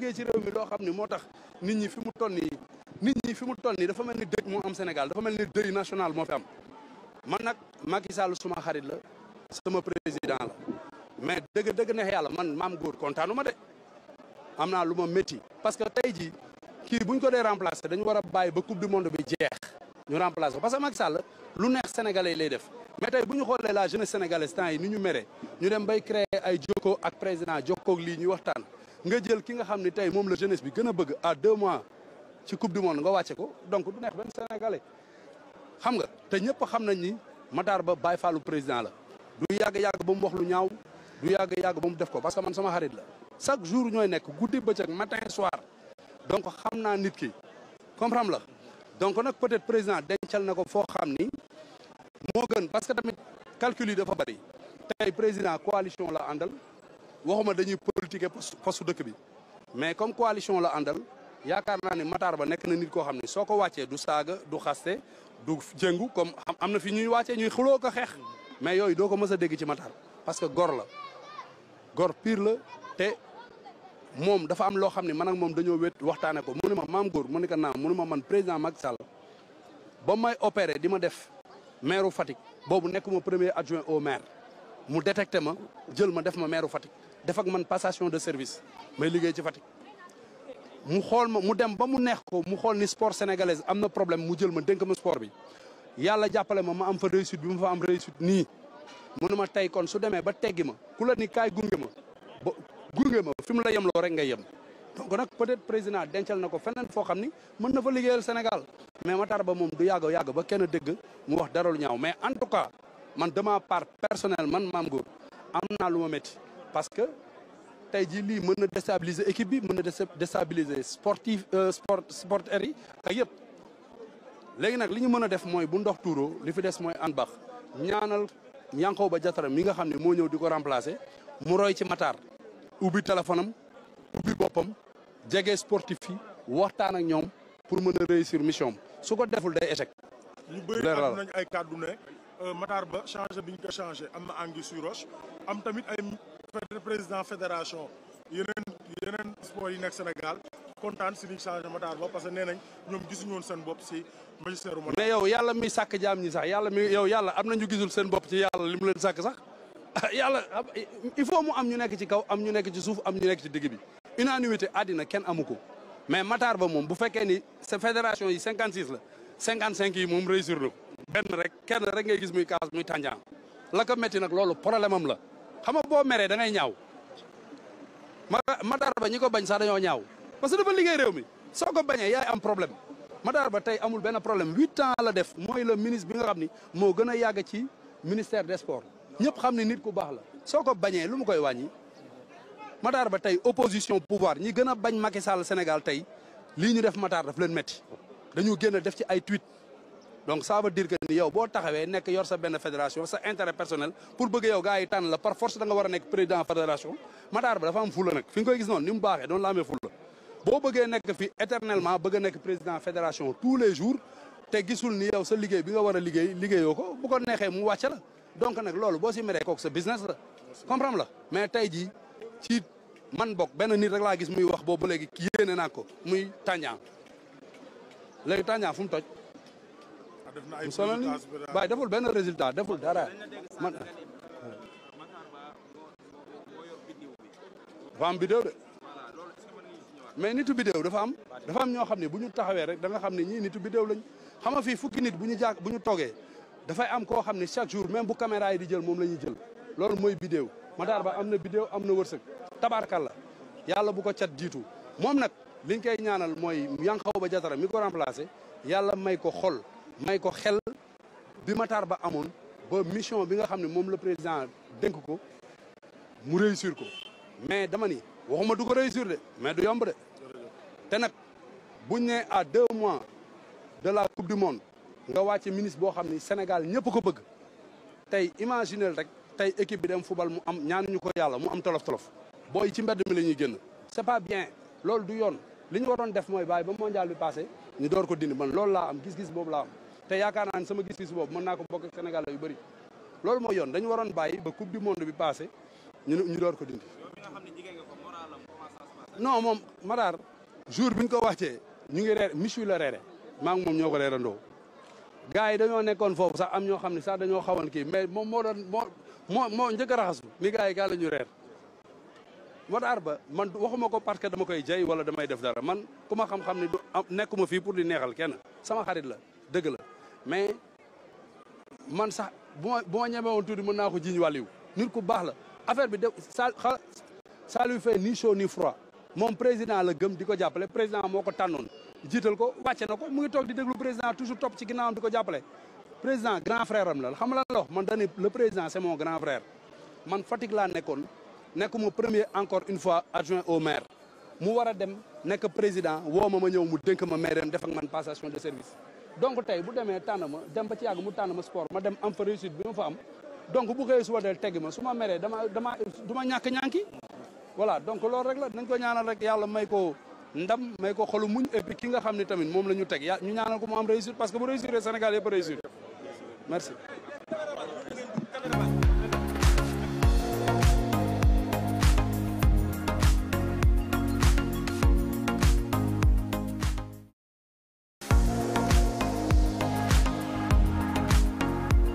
liggéey ci réew mi loo xam ni moo tax nit ñi fi mu toll nii nit ñi fi mu toll nii dafa mel ni dëj moo am Sénégal dafa mel ni dëj national moo fi am man nag Macky Sall suma xarit la sama président la mais dëgg dëgg neex yàlla man maam góor kontaanu ma de am naa lu ma métti parce que tey ji kii buñ ko dee remplace remplacer dañu war a bàyyi ba coupe du monde bi jeex ñu remplacer ko parce que Macky Sall lu neex sénégalais yi lay def mais tey bu ñu xoolee la jeunesse sénégalaise temps yi ni ñu mere ñu dem bay créer ay jokkoo ak président jokkoog lii ñuy waxtaan nga jël ki nga xam ne tey moom la jeunesse bi gën a bëgg à deux mois ci coupe du monde nga wàcce ko donc du neex benn sénégalais xam nga te ñëpp xam nañ ni Matar Ba Baye Fallou président la du yàgg yàgg ba mu wax lu ñaaw du yàgg yàgg ba mu def ko parce que man sama xarit la chaque jour ñooy nekk guddi bëccëg matin soir donc xam naa nit ki ram la donc nag peut-être président dencal na ko foo xam ni moo gën parce que tamit calcul yi dafa bari tey président coalition la àndal politiquer poste dëkk bi mais comme coalition la àndal yaakaar naa ne Matar Ba nekk na nit koo xam ne soo ko wàccee du saaga du xaste du jëngu comme am na fi ñuy wàccee ñuy xuloo ko xeex mais yooyu doo ko mës a dégg ci Matar parce que gor la gor piir la te moom dafa am loo xam ne man ak moom dañoo wét waxtaane ko mu ma maam góor mu ne ko naam mu ne ma man président Macky Sall ba may opéré di ma def maire Fatick boobu nekk ma premier adjoint au maire mu détecté ma jël ma def ma meeru Fatick defak man passation de service may liggéey ci Fatick mu xool ma mu dem ba mu neex ko mu xool ni sport sénégalaise am na problème mu jël ma dénk ma sport bi yàlla jàppale ma ma am fa réussite bi mu fa am réussite nii mënu ma tey kon su demee ba teggi ma ku la ni kaay gunge ma ba gunge ma fi mu la yemloo rek ngay yem donc nag peut-être président dencal na ko feneen foo xam ni mën na fa liggéeyal Sénégal mais Matar Ba moom du yàgg yàgg ba kenn dégg mu wax dara lu ñaaw mais en tout cas man de ma part personnelle man maam góor am naa lu ma métti parce que tey jii lii mën na déstabiliser équipe bi mën na déstabiliser sportif euh, sport sporteurs yi ak yëpp. léegi nag li ñu mën a def mooy bu ndox tuuroo li fi des mooy an baax ñaanal ba Diattara mi nga xam ne moo ñëw di ko remplacer mu roy ci Matar ubbi téléphone am ubbi boppam jege sportif yi waxtaan ak ñoom pour mën a réussir mission su ko deful day échec. ñu bëri ay kàddu Euh, Matar Ba changé bi ñu ko changé am na anguille sur am tamit ay président fédération yeneen yeneen sport yi Sénégal kontaan si liñ changé parce que nee nañ ñoom gisuñu seen bopp si magistère u mais yow yàlla mi sàkk jaam ñi sax yàlla mi yow yàlla am nañu gisul seen bopp ci yàlla li mu leen sàkk sax yàlla il faut mu am ñu nekk ci kaw am ñu nekk ci suuf am ñu nekk ci digg bi unanimité àddina kenn amu ko mais Matar Ba moom bu fekkee ni sa fédération yi cinquante six la cinquante cinq yi moom réussir na benn rek kenn rek ngay gis muy kaas muy tànjaan la ko métti nag loolu problème am la xama boo meree dangay ngay ñaaw ma Matar Ba ñi ko bañ sax dañoo ñaaw parce que dafa liggéey réew mi soo ko bañee yaay am problème Matar Ba tey amul benn problème huit ans la def mooy le ministre bi nga xam ni moo gën a yàgg ci ministère des sports ñëpp xam ne nit ku baax la soo ko bañee lu mu koy wàññi Matar Ba tey opposition pouvoir ñi gën a bañ Macky Sall Sénégal tey lii ñu def Matar daf leen métti dañu génn def ci ay tweet donc ça veut dire que ni yow boo taxawee nekk yor sa benn fédération sa intérêt personnel pour bëgg yow gars yi tànn la par force da nga war a nekk président fédération Matar ba dafa am fula nag fi nga koy gis noonu ni mu baaxee doonu la amee fula boo bëggee nekk fi éternellement bëgg a nekk président fédération tous les jours te gisul ni yow sa liggéey bi nga war a liggéey liggéeyoo ko bu ko neexee mu wàcc la donc nag loolu boo si meree kooku sa business la comprendre la mais tey jii ci man bokk benn nit rek laa gis muy wax boobu léegi yéene naa ko muy Tandian léegi Tandian fu mu toj mu solo ni waaye deful benn résultat deful dara man dafa am bidéew de mais nit bidéew dafa am dafa am ñoo xam ne bu ñu taxawee rek da nga xam ne ñii nitu bidéew lañ xam nga fii fukki nit bu ñu jàak bu ñu toogee dafay am koo xam ne chaque jour même bu caméra yi di jël moom la jël loolu mooy bidéew Matar Ba am na bidéew am na wërsëg tabaarkalla yàlla bu ko cat jiitu moom nag liñ koy ñaanal mooy Yankhoba Diattara mi ko remplacé yàlla may ko xol may ko xel bi Matar Ba amoon ba mission bi nga xam ne moom la président dénk ko mu réussir ko mais dama ni waxuma du ko réussir de mais du yomb de te nag buñ ne à deux mois de la coupe du monde nga wàcc ministre boo xam ni Sénégal ñëpp ko bëgg tey imaginel rek tey équipe bi dem football mu am ñu ko yàlla mu am tolof tolof booy ci mbedd mi la ñuy génn c'est pas bien loolu du yoon li ñu waroon def mooy bàyyi ba mondial bi passé ñu door ko dindi loolu laa am boobu laa te yaakaar naa ne sama gis-gis boobu mën naa ko bokk ak Sénégal yu bëri loolu mooy yoon dañu waroon bàyyi ba coupe du monde bi passé ñu ñu door ko dindi. no moom Matar jour bi ñu ko wàccee ñu ngi reer michu la reere maa moom ñoo ko reerandoo gars yi dañoo nekkoon foofu sax am ñoo xam ne sax dañoo xawoon kii mais moom moo doon moo moo moo njëkk a raxasu ni gars yi kaa la ñu reer Matar Ba man waxuma ko parce que dama koy jay wala damay def dara man ku ma xam-xam ne du nekkuma fii pour di neexal kenn sama xarit la dëgg la mais man sax bu ma bu ma ñemewoon tuuti mën naa ko jiñ wàlliw nit ku baax la affaire bi de ça ça lui fait ni chaud ni froid moom président la gëm di ko jàppale président moo ko tànnoon jiital ko wàcce na ko mu ngi toog di déglu président toujours topp ci ginnaawam di ko jàppale président grand frère am la xam la la wax man dañu le président c'est mon grand frère man Fatick laa nekkoon nekkuma premier encore une fois adjoint au maire mu war a dem nekk président woo ma ma ñëw mu dénk ma maire def ak man passation de donc tey bu demee tànn ma dem ba ci yàgg mu tànn ma sport ma dem am fa réussite bi ma fa am donc bu xëyee suba del teggi ma su ma meree dama dama du ma ñàkk ñànki voilà donc loolu rek la nañ ko ñaanal rek yàlla may ko ndam may ko xolu muñ et ki nga xam ne tamit moom la ñu teg ñu ñaanal ko mu am réussite parce que bu réussir Sénégal yëpp réussir merci